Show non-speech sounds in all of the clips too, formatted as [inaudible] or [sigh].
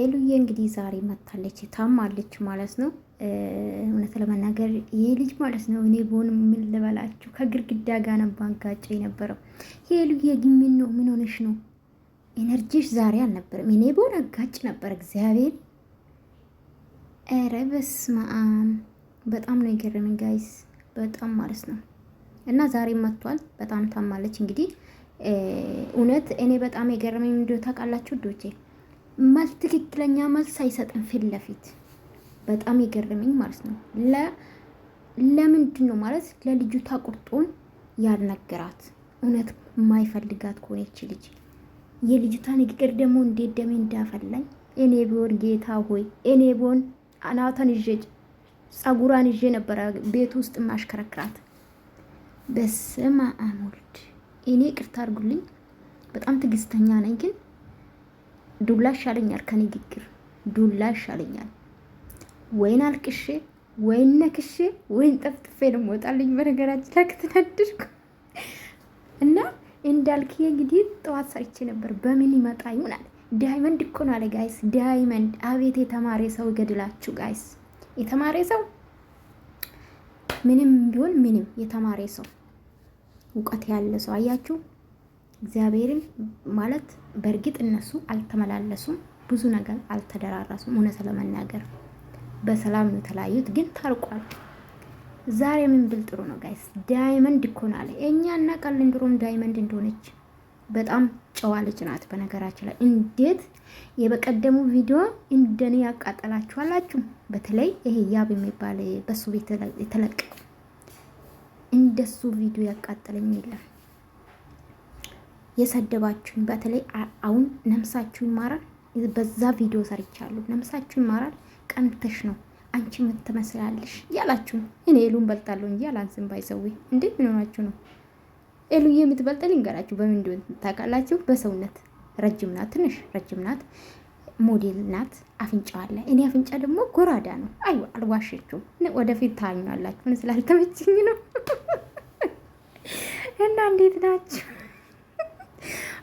ሄሉዬ እንግዲህ ዛሬ መታለች ታማለች ማለት ነው። እውነት ለመናገር ይሄ ልጅ ማለት ነው እኔ በሆን ምን ልበላችሁ ከግድግዳ ጋር ነበር ባጋጨ የነበረው። ሄሉዬ ግን ምን ነው ምን ሆነሽ ነው? ኤነርጂሽ ዛሬ አልነበርም። እኔ በሆን አጋጭ ነበር እግዚአብሔር። ኧረ በስመ አብ በጣም ነው የገረመኝ ጋይስ፣ በጣም ማለት ነው። እና ዛሬ መጥቷል። በጣም ታማለች እንግዲህ እውነት እኔ በጣም የገረመኝ ምንድን ነው ታውቃላችሁ ዶቼ መልስ ትክክለኛ መልስ አይሰጥም ፊት ለፊት በጣም የገረመኝ ማለት ነው። ለምንድን ነው ማለት ለልጅቷ ቁርጡን ያልነገራት እውነት የማይፈልጋት ከሆነች ልጅ የልጅቷ ንግግር ደግሞ እንዴት ደሜ እንዳፈላኝ እኔ ቢሆን ጌታ ሆይ እኔ ቢሆን አናቷን ይዤ ጸጉሯን ይዤ ነበረ ቤት ውስጥ ማሽከረክራት። በስመ አብ ወልድ እኔ ቅርታ አድርጉልኝ፣ በጣም ትዕግስተኛ ነኝ ግን ዱላ ይሻለኛል ከንግግር ዱላ ይሻለኛል። ወይን አልቅሼ ወይን ነክሼ ወይን ጠፍጥፌ ነው ወጣልኝ። በነገራችን ላይ ከተናደድኩ እና እንዳልክ እንግዲህ ጠዋት ሰርቼ ነበር። በምን ይመጣ ይሆናል? ዳይመንድ እኮ ነው አለ ጋይስ። ዳይመንድ አቤት የተማረ ሰው ገድላችሁ ጋይስ። የተማረ ሰው ምንም ቢሆን ምንም የተማረ ሰው እውቀት ያለ ሰው አያችሁ። እግዚአብሔርም ማለት በእርግጥ እነሱ አልተመላለሱም፣ ብዙ ነገር አልተደራረሱም። እውነት ለመናገር በሰላም ነው የተለያዩት፣ ግን ታርቋል። ዛሬ ምን ብል ጥሩ ነው ጋይስ፣ ዳይመንድ እኮ ናለ። እኛ እናውቃለን እንድሮም ዳይመንድ እንደሆነች። በጣም ጨዋ ልጅ ናት። በነገራችን ላይ እንዴት የበቀደሙ ቪዲዮ እንደኔ ያቃጠላችሁ አላችሁ። በተለይ ይሄ ያብ የሚባል በሱ ቤት እንደሱ ቪዲዮ ያቃጠለኝ የለም። የሰደባችሁን በተለይ አሁን ነምሳችሁ ይማራል። በዛ ቪዲዮ ሰርቻለሁ። ነምሳችሁ ይማራል፣ ቀንተሽ ነው አንቺ ምን ትመስላለሽ ያላችሁ እኔ ሉን በልጣለሁ እንጂ አላንስም። ባይሰዊ እንዴ ምን ሆናችሁ ነው? ኤሉ የምትበልጥ ልንገራችሁ። በምን እንደሆነ ታውቃላችሁ? በሰውነት ረጅም ናት፣ ትንሽ ረጅም ናት፣ ሞዴል ናት። አፍንጫ አለ። እኔ አፍንጫ ደግሞ ጎራዳ ነው። አይ አልዋሸችውም። ወደፊት ታኛላችሁ። ምን ስላልተመችኝ ነው [laughs] እና እንዴት ናችሁ?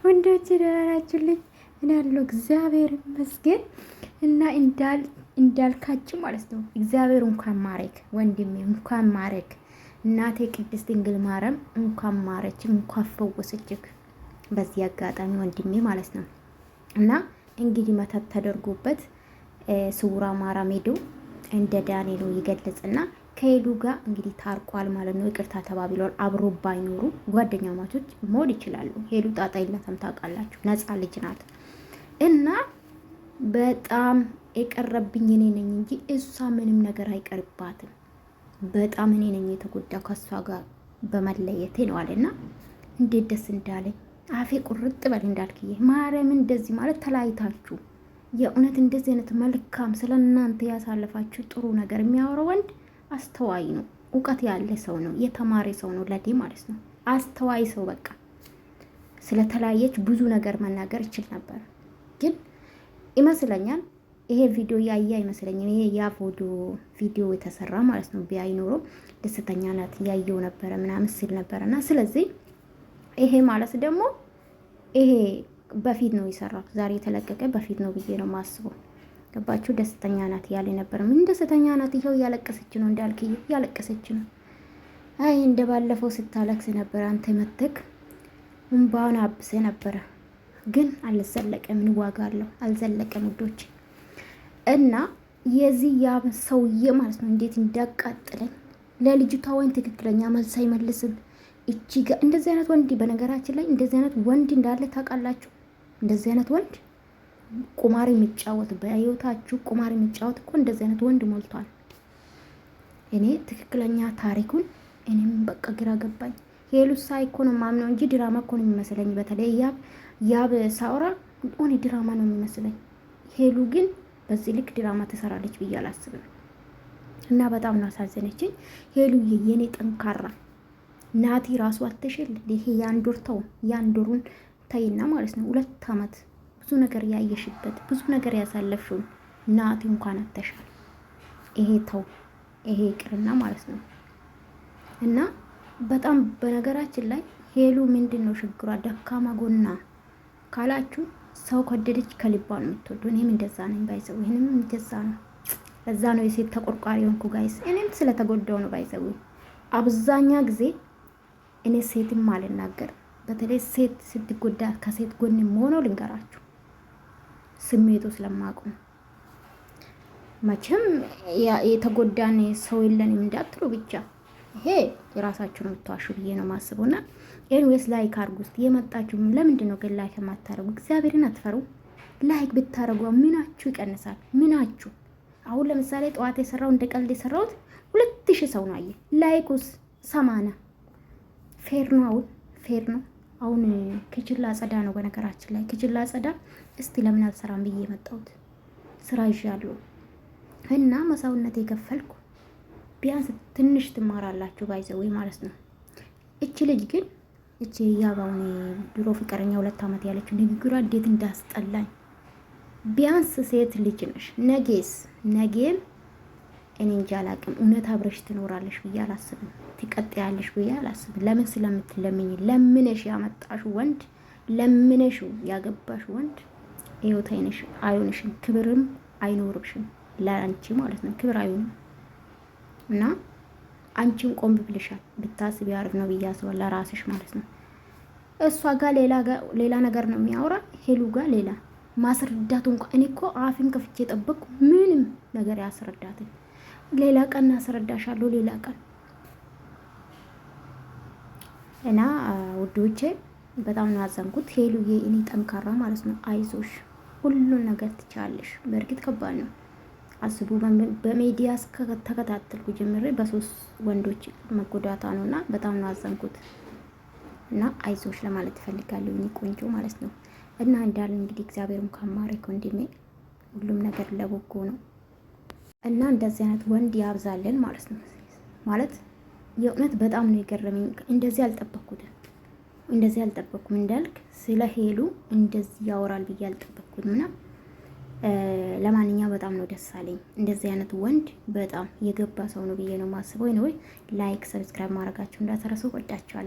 ወንዶች ደህና ናችሁልኝ? እኔ አለሁ እግዚአብሔር ይመስገን። እና እንዳልካችሁ ማለት ነው። እግዚአብሔር እንኳን ማረክ ወንድሜ፣ እንኳን ማረክ እናቴ ቅድስት ድንግል ማርያም እንኳን ማረች፣ እንኳን ፈወሰችክ። በዚህ አጋጣሚ ወንድሜ ማለት ነው እና እንግዲህ መተት ተደርጎበት ስውራ ማርያም ሄዶ እንደ ዳንኤል ይገለጽና ከሄዱ ጋር እንግዲህ ታርቋል ማለት ነው። ይቅርታ ተባብለዋል። አብሮ ባይኖሩ ጓደኛ ማቾች መሆን ይችላሉ። ሄዱ ጣጣ የላትም ታውቃላችሁ። ነፃ ልጅ ናት እና በጣም የቀረብኝ እኔ ነኝ እንጂ እሷ ምንም ነገር አይቀርባትም። በጣም እኔ ነኝ የተጎዳው ከእሷ ጋር በመለየቴ ነው አለና እንዴት ደስ እንዳለኝ አፌ ቁርጥ በል እንዳልክዬ ማርያምን። እንደዚህ ማለት ተለያይታችሁ የእውነት እንደዚህ አይነት መልካም ስለ እናንተ ያሳለፋችሁ ጥሩ ነገር የሚያወራው ወንድ አስተዋይ ነው፣ እውቀት ያለ ሰው ነው፣ የተማረ ሰው ነው። ለዲ ማለት ነው አስተዋይ ሰው በቃ ስለተለያየች ብዙ ነገር መናገር ይችል ነበር። ግን ይመስለኛል ይሄ ቪዲዮ ያየ አይመስለኝም። ይሄ ያ ቪዲዮ የተሰራ ማለት ነው። ኖሮ ደስተኛ ናት ያየው ነበረ ምናምን ሲል ነበረ እና ስለዚህ ይሄ ማለት ደግሞ ይሄ በፊት ነው የሰራው ዛሬ የተለቀቀ በፊት ነው ብዬ ነው ማስበው። ገባችሁ? ደስተኛ ናት እያለ ነበር። ምን ደስተኛ ናት? ይኸው እያለቀሰች ነው እንዳልክ እያለቀሰች ነው። አይ እንደ ባለፈው ስታለቅስ ነበር። አንተ መተክ እንባውን አብሰ ነበረ፣ ግን አልዘለቀም። ምን ዋጋ አለው? አልዘለቀም ውዶች። እና የዚህ ያም ሰውዬ ማለት ነው እንዴት እንዳቃጥለኝ ለልጅቷ ወይም ትክክለኛ መልስ አይመልስም። እቺ ጋር እንደዚህ አይነት ወንድ በነገራችን ላይ እንደዚህ አይነት ወንድ እንዳለ ታውቃላችሁ። እንደዚህ አይነት ወንድ ቁማር የሚጫወት በህይወታችሁ ቁማር የሚጫወት እኮ እንደዚህ አይነት ወንድ ሞልቷል። እኔ ትክክለኛ ታሪኩን እኔም በቃ ግራ ገባኝ። ሄሉሳ እኮ ነው ማምነው እንጂ ድራማ እኮ ነው የሚመስለኝ። በተለይ ያብ ያብ ሳውራ ሆነ ድራማ ነው የሚመስለኝ። ሄሉ ግን በዚህ ልክ ድራማ ትሰራለች ብዬ አላስብም። እና በጣም ነው አሳዘነችኝ። ሄሉ የኔ ጠንካራ ናቲ ራሱ አትሽል ይሄ የአንድ ወር ተው የአንድ ተይና ማለት ነው ሁለት አመት ብዙ ነገር ያየሽበት ብዙ ነገር ያሳለፍሽው ናት እንኳን አተሻል። ይሄ ተው ይሄ ይቅርና ማለት ነው እና በጣም በነገራችን ላይ ሄሉ ምንድን ነው ችግሯ ደካማ ጎና ካላችሁ ሰው ከወደደች ከልባ ነው የምትወዱ። እኔም እንደዛ ነኝ ባይዘው፣ ይህንም እንደዛ ነው። ለዛ ነው የሴት ተቆርቋሪ ሆንኩ ጋይስ። እኔም ስለተጎዳው ነው ባይዘው። አብዛኛ ጊዜ እኔ ሴትም አልናገር፣ በተለይ ሴት ስትጎዳ ከሴት ጎን መሆኖ ልንገራችሁ ስሜቱ ስለማቁም መቼም የተጎዳን ሰው የለንም እንዳትሉ ብቻ ይሄ የራሳችሁን ብትዋሹ ብዬ ነው ማስቡና ኤንዌስ ላይክ አርጉ። ውስጥ የመጣችሁ ለምንድን ነው ግን ላይክ የማታደርጉ? እግዚአብሔርን አትፈሩ? ላይክ ብታደርጉ ምናችሁ ይቀንሳል? ምናችሁ አሁን ለምሳሌ ጠዋት የሰራው እንደ ቀልድ የሰራሁት ሁለት ሺህ ሰው ነው አየ። ላይኩስ ሰማና ፌር ነው። አሁን ፌር ነው። አሁን ክችላ ላጸዳ ነው። በነገራችን ላይ ክችላ ላጸዳ እስቲ ለምን አልሰራም ብዬ የመጣሁት ስራ ይዣለሁ እና መሳውነት የከፈልኩ ቢያንስ ትንሽ ትማራላችሁ ባይዘወይ ማለት ነው። እች ልጅ ግን እቺ ያባውን ድሮ ፍቅረኛ ሁለት ዓመት ያለችው ንግግሯ እንዴት እንዳስጠላኝ። ቢያንስ ሴት ልጅ ነሽ ነጌስ ነጌም እኔ እንጂ አላቅም። እውነት አብረሽ ትኖራለሽ ብዬ አላስብም። ትቀጥያለሽ ብዬ አላስብም። ለምን ስለምትለምኝ ለምነሽ ያመጣሽ ወንድ ለምነሽ ያገባሽ ወንድ ህይወት አይነሽ አይሆንሽም፣ ክብርም አይኖርብሽም። ለአንቺ ማለት ነው ክብር አይሆንም እና አንቺም ቆም ብልሻል ብታስብ ያርግ ነው ብዬ አስባለሁ። ለራስሽ ማለት ነው። እሷ ጋር ሌላ ነገር ነው የሚያወራ ሄሉ ጋር ሌላ ማስረዳቱ እንኳ እኔ እኮ አፌን ከፍቼ ጠበቅኩ። ምንም ነገር ያስረዳትን ሌላ ቀን እናስረዳሻለሁ። ሌላ ቀን እና ውዶቼ በጣም ነው ያዘንኩት። ሄሉዬ እኔ ጠንካራ ማለት ነው። አይዞሽ፣ ሁሉን ነገር ትቻለሽ። በእርግጥ ከባድ ነው። አስቡ በሚዲያ ተከታተልኩ ጀምሬ በሶስት ወንዶች መጎዳቷ ነው እና በጣም ነው ያዘንኩት እና አይዞሽ ለማለት ትፈልጋለሁ። እኔ ቆንጆ ማለት ነው እና እንዳለ እንግዲህ እግዚአብሔርም ከማረክ ወንድሜ፣ ሁሉም ነገር ለበጎ ነው። እና እንደዚህ አይነት ወንድ ያብዛልን ማለት ነው። ማለት የእውነት በጣም ነው የገረመኝ። እንደዚህ አልጠበኩትም፣ እንደዚህ አልጠበኩም። እንዳልክ ስለ ሄሉ እንደዚህ ያወራል ብዬ አልጠበኩትም። እና ለማንኛው በጣም ነው ደስ አለኝ። እንደዚህ አይነት ወንድ በጣም የገባ ሰው ነው ብዬ ነው ማስበው። ወይ ላይክ፣ ሰብስክራይብ ማድረጋችሁ እንዳትረሱ። ወዳችኋለሁ።